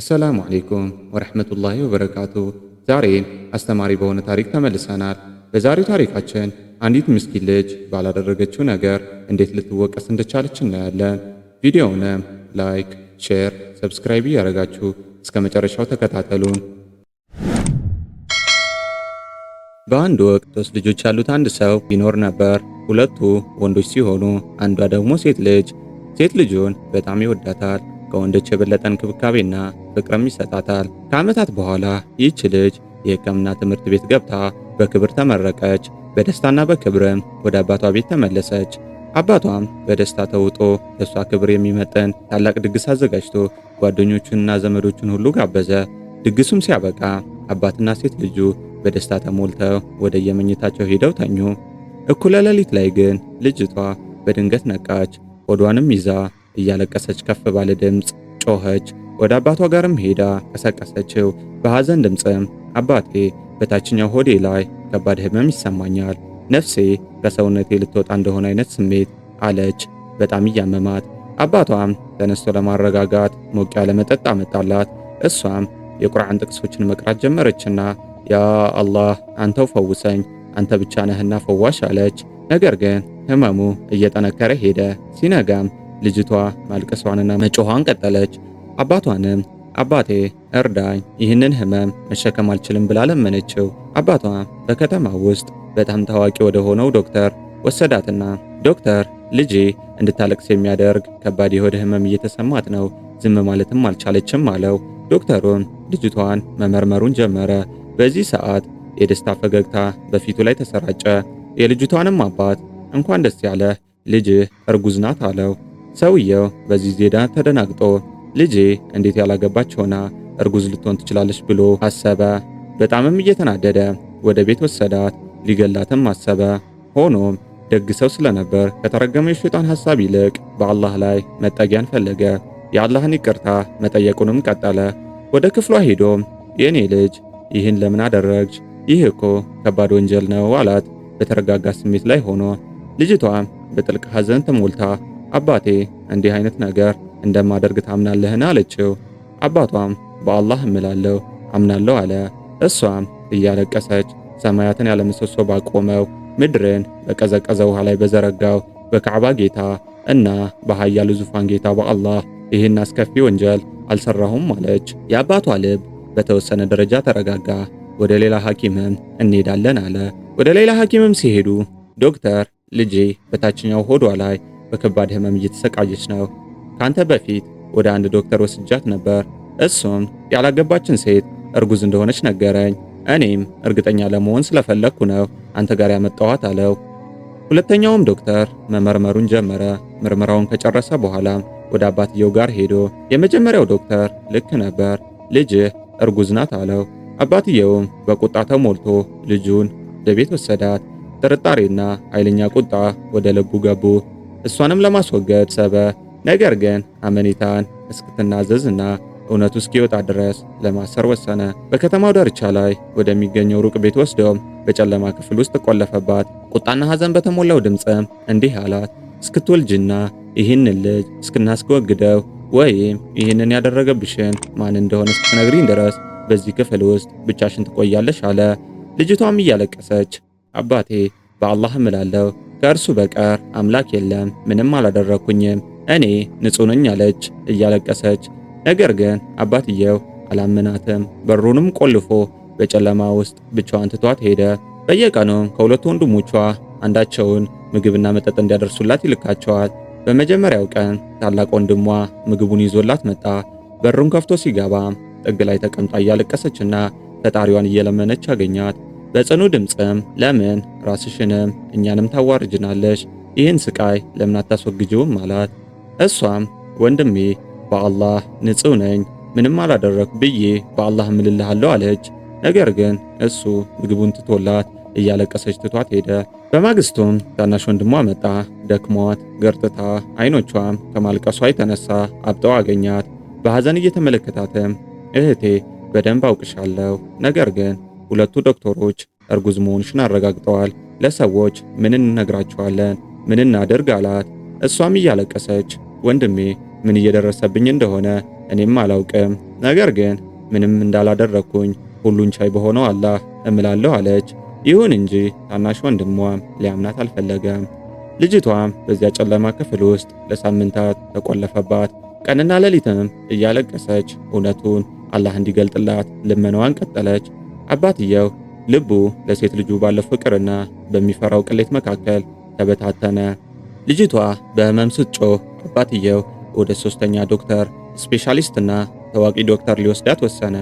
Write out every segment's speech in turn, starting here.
አሰላሙ ዓሌይኩም ወረሕመቱላሂ ወበረካቱ። ዛሬም አስተማሪ በሆነ ታሪክ ተመልሰናል። በዛሬው ታሪካችን አንዲት ምስኪን ልጅ ባላደረገችው ነገር እንዴት ልትወቀስ እንደቻለች እናያለን። ቪዲዮውንም ላይክ፣ ሼር፣ ሰብስክራይብ እያደረጋችሁ እስከ መጨረሻው ተከታተሉን። በአንድ ወቅት ሶስት ልጆች ያሉት አንድ ሰው ይኖር ነበር። ሁለቱ ወንዶች ሲሆኑ አንዷ ደግሞ ሴት ልጅ። ሴት ልጁን በጣም ይወዳታል። ከወንዶች የበለጠ እንክብካቤና ፍቅርም ይሰጣታል። ከዓመታት በኋላ ይህች ልጅ የሕክምና ትምህርት ቤት ገብታ በክብር ተመረቀች። በደስታና በክብርም ወደ አባቷ ቤት ተመለሰች። አባቷም በደስታ ተውጦ ለእሷ ክብር የሚመጥን ታላቅ ድግስ አዘጋጅቶ ጓደኞቹንና ዘመዶቹን ሁሉ ጋበዘ። ድግሱም ሲያበቃ አባትና ሴት ልጁ በደስታ ተሞልተው ወደ የመኝታቸው ሄደው ተኙ። እኩለ ሌሊት ላይ ግን ልጅቷ በድንገት ነቃች። ሆዷንም ይዛ እያለቀሰች ከፍ ባለ ድምፅ ጮኸች። ወደ አባቷ ጋርም ሄዳ ቀሰቀሰችው። በሐዘን ድምፅም አባቴ፣ በታችኛው ሆዴ ላይ ከባድ ህመም ይሰማኛል፣ ነፍሴ ከሰውነቴ ልትወጣ እንደሆነ አይነት ስሜት አለች፣ በጣም እያመማት። አባቷም ተነስቶ ለማረጋጋት ሞቅ ያለ መጠጥ አመጣላት። እሷም የቁርአን ጥቅሶችን መቅራት ጀመረችና ያ አላህ አንተው ፈውሰኝ፣ አንተ ብቻ ነህና ፈዋሽ አለች። ነገር ግን ህመሙ እየጠነከረ ሄደ። ሲነጋም ልጅቷ ማልቀሷንና መጮኋን ቀጠለች። አባቷንም አባቴ እርዳኝ፣ ይህንን ህመም መሸከም አልችልም ብላ ለመነችው። አባቷ በከተማ ውስጥ በጣም ታዋቂ ወደ ሆነው ዶክተር ወሰዳትና ዶክተር ልጄ እንድታለቅስ የሚያደርግ ከባድ የሆድ ህመም እየተሰማት ነው፣ ዝም ማለትም አልቻለችም አለው። ዶክተሩም ልጅቷን መመርመሩን ጀመረ። በዚህ ሰዓት የደስታ ፈገግታ በፊቱ ላይ ተሰራጨ። የልጅቷንም አባት እንኳን ደስ ያለ ልጅህ እርጉዝ ናት አለው። ሰውየው በዚህ ዜና ተደናግጦ ልጄ እንዴት ያላገባች ሆና እርጉዝ ልትሆን ትችላለች ብሎ አሰበ። በጣምም እየተናደደ ወደ ቤት ወሰዳት፣ ሊገላትም አሰበ። ሆኖም ደግ ሰው ስለነበር ከተረገመው የሸይጣን ሐሳብ ይልቅ በአላህ ላይ መጠጊያን ፈለገ። የአላህን ይቅርታ መጠየቁንም ቀጠለ። ወደ ክፍሏ ሄዶም የእኔ ልጅ ይህን ለምን አደረግች? ይህ እኮ ከባድ ወንጀል ነው አላት። በተረጋጋ ስሜት ላይ ሆኖ ልጅቷ በጥልቅ ሐዘን ተሞልታ አባቴ እንዲህ አይነት ነገር እንደማደርግ ታምናለህን? አለችው። አባቷም በአላህ እምላለሁ አምናለሁ አለ። እሷም እያለቀሰች ሰማያትን ያለምሰሶ ባቆመው ምድርን በቀዘቀዘ ውሃ ላይ በዘረጋው በካዕባ ጌታ እና በሃያሉ ዙፋን ጌታ በአላህ ይህን አስከፊ ወንጀል አልሰራሁም አለች። የአባቷ ልብ በተወሰነ ደረጃ ተረጋጋ። ወደ ሌላ ሐኪምም እንሄዳለን አለ። ወደ ሌላ ሐኪምም ሲሄዱ ዶክተር ልጄ በታችኛው ሆዷ ላይ በከባድ ህመም እየተሰቃየች ነው። ካንተ በፊት ወደ አንድ ዶክተር ወስጃት ነበር። እሱም ያላገባችን ሴት እርጉዝ እንደሆነች ነገረኝ። እኔም እርግጠኛ ለመሆን ስለፈለግኩ ነው አንተ ጋር ያመጣኋት አለው። ሁለተኛውም ዶክተር መመርመሩን ጀመረ። ምርመራውን ከጨረሰ በኋላ ወደ አባትየው ጋር ሄዶ የመጀመሪያው ዶክተር ልክ ነበር፣ ልጅህ እርጉዝ ናት አለው። አባትየውም በቁጣ ተሞልቶ ልጁን ወደ ቤት ወሰዳት። ጥርጣሬና ኃይለኛ ቁጣ ወደ ልቡ ገቡ። እሷንም ለማስወገድ ሰበ። ነገር ግን አመኔታን እስክትናዘዝና እውነቱ እስኪወጣ ድረስ ለማሰር ወሰነ። በከተማው ዳርቻ ላይ ወደሚገኘው ሩቅ ቤት ወስደውም በጨለማ ክፍል ውስጥ ቆለፈባት። ቁጣና ሐዘን በተሞላው ድምፅም እንዲህ አላት፣ እስክትወልጅና ይህንን ልጅ እስክናስወግደው ወይም ይህንን ያደረገብሽን ማን እንደሆነ እስክትነግሪኝ ድረስ በዚህ ክፍል ውስጥ ብቻሽን ትቆያለሽ አለ። ልጅቷም እያለቀሰች አባቴ በአላህ እምላለሁ ከእርሱ በቀር አምላክ የለም፣ ምንም አላደረኩኝም፣ እኔ ንጹህ ነኝ አለች እያለቀሰች። ነገር ግን አባትየው አላመናትም። በሩንም ቆልፎ በጨለማ ውስጥ ብቻዋን ትቷት ሄደ። በየቀኑም ከሁለቱ ወንድሞቿ አንዳቸውን ምግብና መጠጥ እንዲያደርሱላት ይልካቸዋል። በመጀመሪያው ቀን ታላቅ ወንድሟ ምግቡን ይዞላት መጣ። በሩን ከፍቶ ሲገባም ጥግ ላይ ተቀምጣ እያለቀሰችና ፈጣሪዋን እየለመነች አገኛት። በጽኑ ድምፅም ለምን ራስሽንም እኛንም ታዋርጅናለሽ? ይህን ስቃይ ለምን አታስወግጅውም አላት። እሷም ወንድሜ በአላህ ንጹህ ነኝ ምንም አላደረግኩ ብዬ በአላህ እምልልሃለሁ አለች። ነገር ግን እሱ ምግቡን ትቶላት እያለቀሰች ትቷት ሄደ። በማግስቱም ታናሽ ወንድሟ መጣ። ደክሟት ገርጥታ አይኖቿም ከማልቀሷ የተነሳ አብጠው አገኛት። በሐዘን እየተመለከታትም እህቴ በደንብ አውቅሻለሁ፣ ነገር ግን ሁለቱ ዶክተሮች እርጉዝ መሆንሽን አረጋግጠዋል፣ ለሰዎች ምን እንነግራቸዋለን? ምን እናደርግ? አላት። እሷም እያለቀሰች ወንድሜ ምን እየደረሰብኝ እንደሆነ እኔም አላውቅም፣ ነገር ግን ምንም እንዳላደረግኩኝ ሁሉን ቻይ በሆነው አላህ እምላለሁ አለች። ይሁን እንጂ ታናሽ ወንድሟ ሊያምናት አልፈለገም። ልጅቷም በዚያ ጨለማ ክፍል ውስጥ ለሳምንታት ተቆለፈባት። ቀንና ሌሊትም እያለቀሰች እውነቱን አላህ እንዲገልጥላት ልመናዋን ቀጠለች። አባትየው ልቡ ለሴት ልጁ ባለው ፍቅርና በሚፈራው ቅሌት መካከል ተበታተነ። ልጅቷ በህመም ስትጮህ አባትየው ወደ ሶስተኛ ዶክተር ስፔሻሊስትና ታዋቂ ዶክተር ሊወስዳት ወሰነ።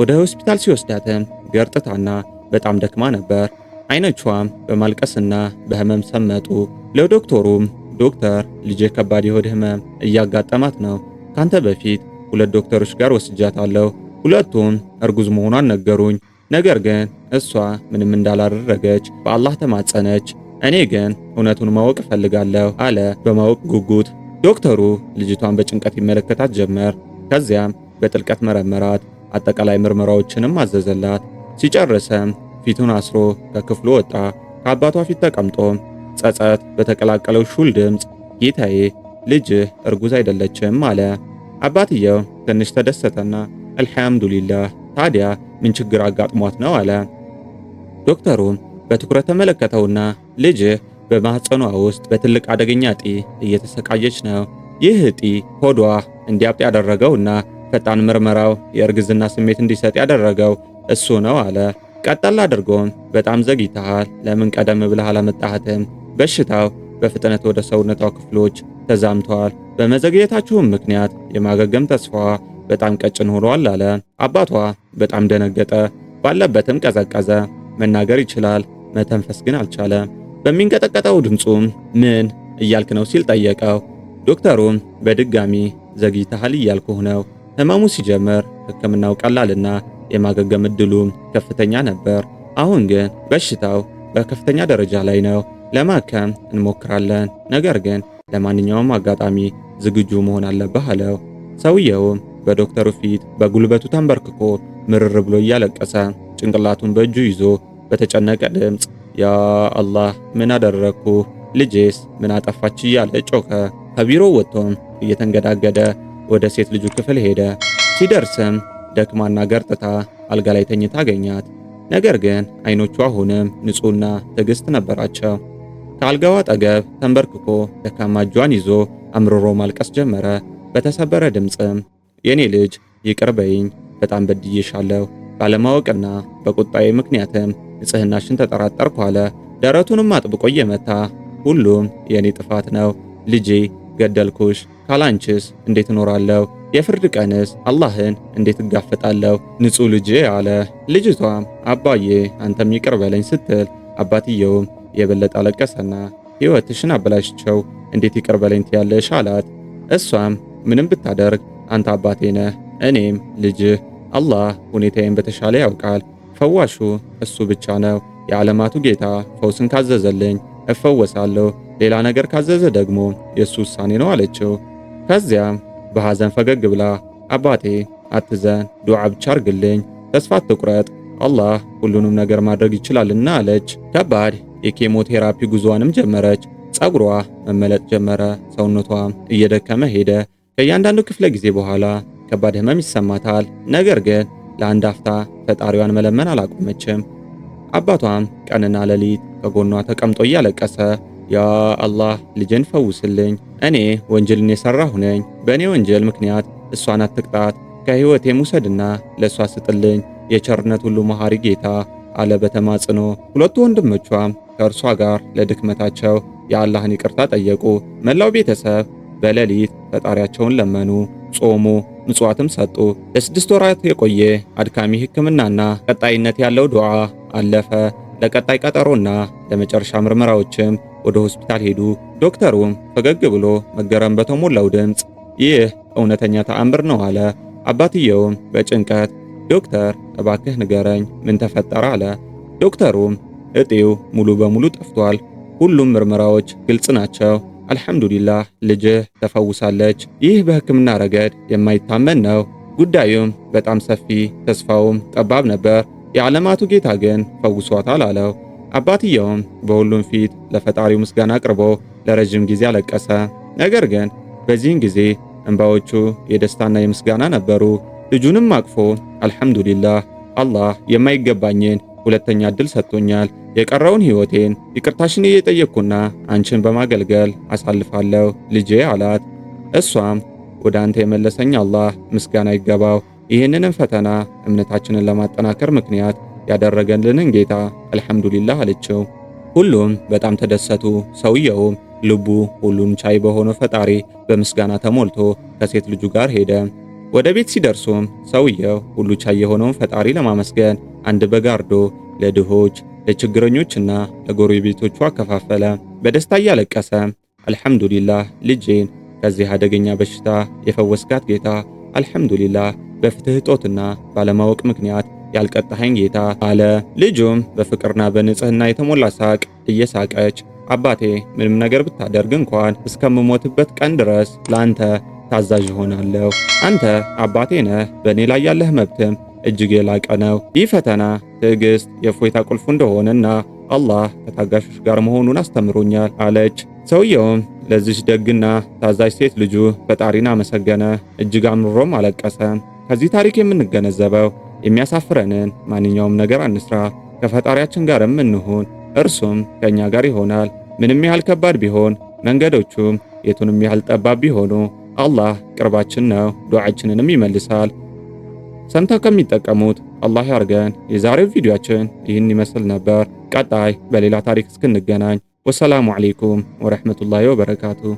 ወደ ሆስፒታል ሲወስዳትም ገርጥታና በጣም ደክማ ነበር። አይኖቿም በማልቀስና በህመም ሰመጡ። ለዶክተሩም ዶክተር ልጄ ከባድ የሆድ ህመም እያጋጠማት ነው። ካንተ በፊት ሁለት ዶክተሮች ጋር ወስጃታለሁ። ሁለቱም እርጉዝ መሆኗን ነገሩኝ ነገር ግን እሷ ምንም እንዳላደረገች በአላህ ተማጸነች። እኔ ግን እውነቱን ማወቅ እፈልጋለሁ አለ በማወቅ ጉጉት። ዶክተሩ ልጅቷን በጭንቀት ይመለከታት ጀመር። ከዚያም በጥልቀት መረመራት። አጠቃላይ ምርመራዎችንም አዘዘላት። ሲጨርሰም ፊቱን አስሮ ከክፍሉ ወጣ። ከአባቷ ፊት ተቀምጦ ጸጸት በተቀላቀለው ሹል ድምፅ ጌታዬ፣ ልጅህ እርጉዝ አይደለችም አለ። አባትየው ትንሽ ተደሰተና አልሐምዱሊላህ ታዲያ ምን ችግር አጋጥሟት ነው አለ። ዶክተሩም በትኩረት ተመለከተውና ልጅህ በማህፀኗ ውስጥ በትልቅ አደገኛ እጢ እየተሰቃየች ነው። ይህ እጢ ሆዷ እንዲያብጥ ያደረገውና ፈጣን ምርመራው የእርግዝና ስሜት እንዲሰጥ ያደረገው እሱ ነው አለ። ቀጠል አድርጎም በጣም ዘግይተሃል፣ ለምን ቀደም ብለህ አላመጣሃትም? በሽታው በፍጥነት ወደ ሰውነቷ ክፍሎች ተዛምቷል። በመዘግየታችሁም ምክንያት የማገገም ተስፋዋ በጣም ቀጭን ሆኗል አለ። አባቷ በጣም ደነገጠ። ባለበትም ቀዘቀዘ። መናገር ይችላል፣ መተንፈስ ግን አልቻለም። በሚንቀጠቀጠው ድምፁም ምን እያልክ ነው ሲል ጠየቀው። ዶክተሩም በድጋሚ ዘግይተሃል እያልኩህ ነው። ህመሙ ሲጀምር ህክምናው ቀላልና የማገገም እድሉም ከፍተኛ ነበር። አሁን ግን በሽታው በከፍተኛ ደረጃ ላይ ነው። ለማከም እንሞክራለን፣ ነገር ግን ለማንኛውም አጋጣሚ ዝግጁ መሆን አለብህ አለው። ሰውየውም በዶክተሩ ፊት በጉልበቱ ተንበርክኮ ምርር ብሎ እያለቀሰ ጭንቅላቱን በእጁ ይዞ በተጨነቀ ድምፅ ያ አላህ ምን አደረግኩ? ልጄስ ምን አጠፋች? እያለ ጮኸ። ከቢሮው ወጥቶም እየተንገዳገደ ወደ ሴት ልጁ ክፍል ሄደ። ሲደርስም ደክማና ገርጥታ አልጋ ላይ ተኝታ አገኛት። ነገር ግን አይኖቹ አሁንም ንጹህና ትዕግስት ነበራቸው። ከአልጋው አጠገብ ተንበርክኮ ደካማ እጇን ይዞ አምርሮ ማልቀስ ጀመረ። በተሰበረ ድምፅም የኔ ልጅ ይቅር በይኝ በጣም በድዬሻለሁ፣ ባለማወቅና በቁጣዬ ምክንያትም ንጽህናሽን ተጠራጠርኩ አለ። ደረቱንም አጥብቆ እየመታ ሁሉም የእኔ ጥፋት ነው ልጄ፣ ገደልኩሽ። ካላንችስ እንዴት እኖራለሁ? የፍርድ ቀንስ አላህን እንዴት እጋፈጣለሁ? ንጹህ ልጄ አለ። ልጅቷም አባዬ አንተም ይቅር በለኝ ስትል አባትየውም የበለጠ አለቀሰና ሕይወትሽን አበላሽቸው እንዴት ይቅር በለኝ ትያለሽ? አላት። እሷም ምንም ብታደርግ አንተ አባቴ ነህ እኔም ልጅህ አላህ ሁኔታዬን በተሻለ ያውቃል። ፈዋሹ እሱ ብቻ ነው። የዓለማቱ ጌታ ፈውስን ካዘዘልኝ እፈወሳለሁ፣ ሌላ ነገር ካዘዘ ደግሞ የእሱ ውሳኔ ነው አለችው። ከዚያም በሐዘን ፈገግ ብላ አባቴ አትዘን፣ ዱዓ ብቻ አርግልኝ፣ ተስፋ አትቁረጥ፣ አላህ ሁሉንም ነገር ማድረግ ይችላልና አለች። ከባድ የኬሞቴራፒ ጉዞዋንም ጀመረች። ጸጉሯ መመለጥ ጀመረ፣ ሰውነቷም እየደከመ ሄደ። ከእያንዳንዱ ክፍለ ጊዜ በኋላ ከባድ ህመም ይሰማታል። ነገር ግን ለአንድ አፍታ ፈጣሪዋን መለመን አላቆመችም። አባቷም ቀንና ሌሊት ከጎኗ ተቀምጦ እያለቀሰ ያ አላህ ልጄን ፈውስልኝ፣ እኔ ወንጀልን የሠራሁ ነኝ፣ በእኔ ወንጀል ምክንያት እሷን አትቅጣት፣ ከሕይወቴም ውሰድና ለእሷ ስጥልኝ፣ የቸርነት ሁሉ መሐሪ ጌታ አለ በተማጽኖ። ሁለቱ ወንድሞቿም ከእርሷ ጋር ለድክመታቸው የአላህን ይቅርታ ጠየቁ። መላው ቤተሰብ በሌሊት ፈጣሪያቸውን ለመኑ፣ ጾሙ። ምጽዋትም ሰጡ። ለስድስት ወራት የቆየ አድካሚ ሕክምናና ቀጣይነት ያለው ዱዓ አለፈ። ለቀጣይ ቀጠሮና ለመጨረሻ ምርመራዎችም ወደ ሆስፒታል ሄዱ። ዶክተሩም ፈገግ ብሎ መገረም በተሞላው ድምፅ ይህ እውነተኛ ተአምር ነው አለ። አባትየውም በጭንቀት ዶክተር እባክህ ንገረኝ ምን ተፈጠረ አለ። ዶክተሩም እጢው ሙሉ በሙሉ ጠፍቷል፣ ሁሉም ምርመራዎች ግልጽ ናቸው አልሐምዱሊላህ ልጅህ ተፈውሳለች። ይህ በሕክምና ረገድ የማይታመን ነው። ጉዳዩም በጣም ሰፊ ተስፋውም ጠባብ ነበር። የዓለማቱ ጌታ ግን ፈውሷታል አለው። አባትየውም በሁሉም ፊት ለፈጣሪው ምስጋና አቅርቦ ለረዥም ጊዜ አለቀሰ። ነገር ግን በዚህን ጊዜ እንባዎቹ የደስታና የምስጋና ነበሩ። ልጁንም አቅፎ አልሐምዱሊላህ አላህ የማይገባኝን ሁለተኛ ዕድል ሰጥቶኛል የቀረውን ሕይወቴን ይቅርታሽን እየጠየቅኩና አንቺን በማገልገል አሳልፋለሁ ልጄ አላት። እሷም ወደ አንተ የመለሰኝ አላህ ምስጋና ይገባው፣ ይህንንም ፈተና እምነታችንን ለማጠናከር ምክንያት ያደረገልንን ጌታ አልሐምዱሊላህ አለችው። ሁሉም በጣም ተደሰቱ። ሰውየውም ልቡ ሁሉን ቻይ በሆነው ፈጣሪ በምስጋና ተሞልቶ ከሴት ልጁ ጋር ሄደ። ወደ ቤት ሲደርሱም ሰውየው ሁሉ ቻይ የሆነውን ፈጣሪ ለማመስገን አንድ በግ አርዶ ለድሆች ለችግረኞች እና ለጎረቤቶቹ አከፋፈለ። በደስታ እያለቀሰ አልሐምዱሊላህ ልጄን ከዚህ አደገኛ በሽታ የፈወስካት ጌታ፣ አልሐምዱሊላህ በፍትህ እጦትና ባለማወቅ ምክንያት ያልቀጣኸኝ ጌታ አለ። ልጁም በፍቅርና በንጽህና የተሞላ ሳቅ እየሳቀች አባቴ ምንም ነገር ብታደርግ እንኳን እስከምሞትበት ቀን ድረስ ለአንተ ታዛዥ እሆናለሁ። አንተ አባቴ ነህ፣ በእኔ ላይ ያለህ መብትም እጅግ የላቀ ነው። ይህ ፈተና ትዕግስት የእፎይታ ቁልፉ እንደሆነና አላህ ከታጋሾች ጋር መሆኑን አስተምሮኛል አለች። ሰውየውም ለዚች ደግና ታዛዥ ሴት ልጁ ፈጣሪን አመሰገነ፣ እጅግ አምሮም አለቀሰ። ከዚህ ታሪክ የምንገነዘበው የሚያሳፍረንን ማንኛውም ነገር አንስራ፣ ከፈጣሪያችን ጋርም እንሁን፣ እርሱም ከእኛ ጋር ይሆናል። ምንም ያህል ከባድ ቢሆን፣ መንገዶቹም የቱንም ያህል ጠባብ ቢሆኑ፣ አላህ ቅርባችን ነው፣ ዱዓችንንም ይመልሳል። ሰምተው ከሚጠቀሙት አላህ ያርገን። የዛሬው ቪዲዮአችን ይህን ይመስል ነበር። ቀጣይ በሌላ ታሪክ እስክንገናኝ ወሰላሙ አለይኩም ወረሕመቱላሂ ወበረካቱ።